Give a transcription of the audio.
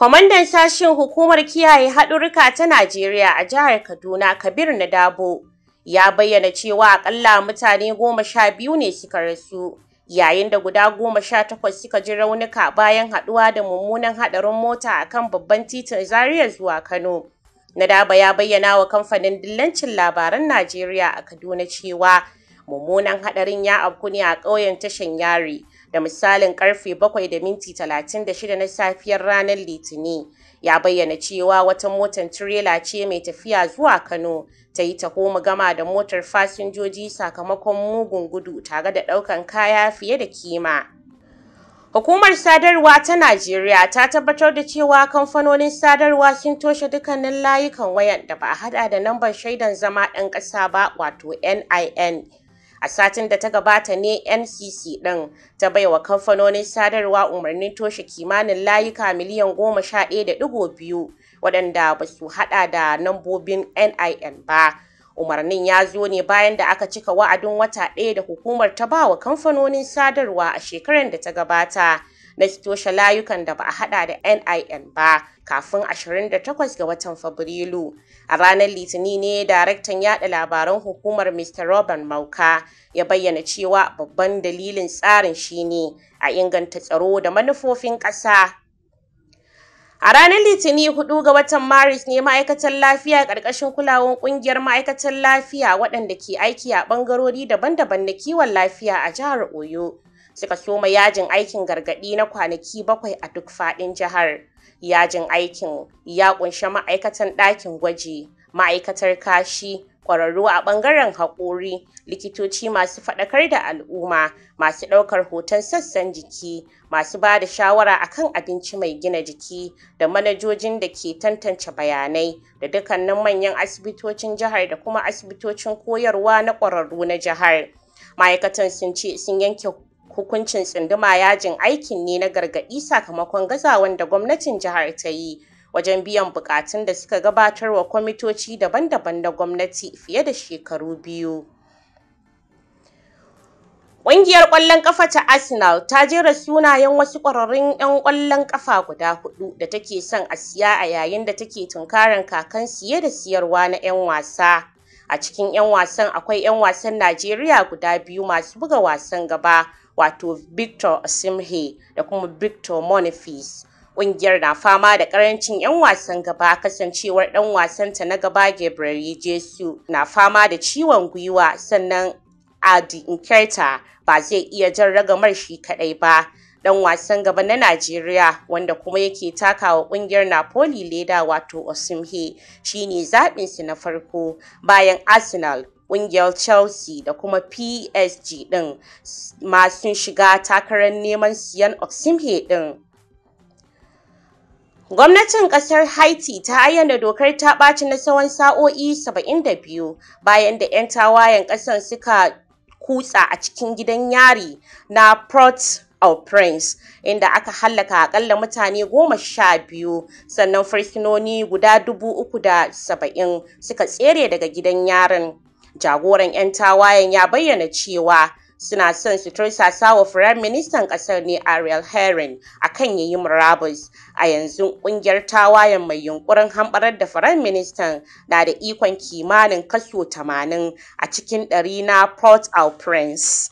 Kwamandan sashen Hukumar Kiyaye Haɗurruka ta Najeriya a Jihar Kaduna, Kabir Nadabo, ya bayyana cewa akalla mutane goma sha biyu ne suka rasu, yayin da guda goma sha takwas suka ji raunuka bayan haɗuwa da mummunan haɗarin mota a kan babban titin Zaria zuwa Kano. Nadaba ya bayyana wa kamfanin dillancin labaran Najeriya a Kaduna cewa mummunan haɗarin ya afku ne a ƙauyen tashan yari da misalin karfe 7 da minti 36 na safiyar ranar litini Ya bayyana cewa wata motar tirela ce mai tafiya zuwa Kano ta yi taho gama da motar fasinjoji sakamakon mugun gudu tare da ɗaukan kaya fiye da kima. Hukumar sadarwa ta Najeriya ta tabbatar da cewa kamfanonin sadarwa sun toshe dukkanin layukan wayan da ba a hada da lambar shaidan zama ɗan ƙasa ba wato NIN A satin da ta gabata ne NCC ɗin ta baiwa kamfanonin sadarwa umarnin toshe kimanin layuka miliyan goma sha da biyu, waɗanda ba su hada da nambobin NIN ba. Umarnin ya zo ne bayan da aka cika wa'adin wata ɗaya da hukumar ta ba wa kamfanonin sadarwa a shekarar da ta gabata. na toshe layukan da ba a hada da NIN ba kafin 28 ga watan Fabrilu. A ranar Litini ne daraktan yada labaran hukumar Mr. Robin Mauka ya bayyana cewa babban dalilin tsarin shine a inganta tsaro da manufofin ƙasa A ranar Litini huɗu ga watan Maris ne ma'aikatan lafiya ƙarƙashin kulawar ƙungiyar ma'aikatan lafiya waɗanda ke aiki a ɓangarori daban-daban na kiwon lafiya a jihar Oyo suka soma yajin aikin gargaɗi na kwanaki bakwai a duk faɗin jihar. Yajin aikin ya kunshi ma'aikatan ɗakin gwaji, ma'aikatar kashi, kwararru a ɓangaren haƙori, likitoci masu faɗakar da al'umma, masu ɗaukar hoton sassan jiki, masu ba da shawara akan abinci mai gina jiki da manajojin da ke tantance bayanai da dukkanin manyan asibitocin jihar da kuma asibitocin koyarwa na ƙwararru na jihar. Ma'aikatan sun ce sun yanke Hukuncin tsunduma yajin aikin ne na gargaɗi sakamakon gazawan da gwamnatin jihar ta yi wajen biyan bukatun da suka gabatar wa kwamitoci daban-daban na gwamnati fiye da shekaru biyu. Ƙungiyar ƙwallon ƙafa ta Arsenal ta jera sunayen wasu ƙwararrun 'yan ƙwallon ƙafa guda hudu da take son a siya a yayin da take tunkarar kakan siye da siyarwa na 'yan wasa. A cikin 'yan wasan akwai 'yan wasan Najeriya guda biyu masu buga wasan gaba wato Victor Osimhen da kuma Victor Moniface. Ƙungiyar na fama da ƙarancin 'yan wasan gaba kasancewar ɗan wasanta na gaba Gabriel Jesu na fama da ciwon gwiwa sannan Adi Nketa ba zai iya jan ragamar shi kaɗai ba. ɗan wasan gaba na Najeriya wanda kuma yake takawa ƙungiyar Napoli leda wato Osimhe shine zaɓinsa na farko bayan Arsenal Kungiyar Chelsea da kuma PSG din ma sun shiga takarar neman siyan oksimhe din. Gwamnatin kasar Haiti ta ayyana dokar ta ɓaci na tsawon sa'o'i da biyu bayan da 'yan tawayen ƙasar suka kutsa a cikin gidan yari na Port au Prince, inda aka hallaka akalla mutane goma sha biyu sannan fursunoni guda dubu uku da saba'in suka tsere daga gidan yarin. Jagoran 'yan tawayen ya bayyana cewa suna son su tursasa wa Firayim Ministan ƙasar ne Ariel Herring a kan yayi murabus. A yanzu ƙungiyar tawayen mai yunkurin hamɓarar da Firayim Ministan na da ikon kimanin kaso 80 a cikin ɗari na Port-au-Prince.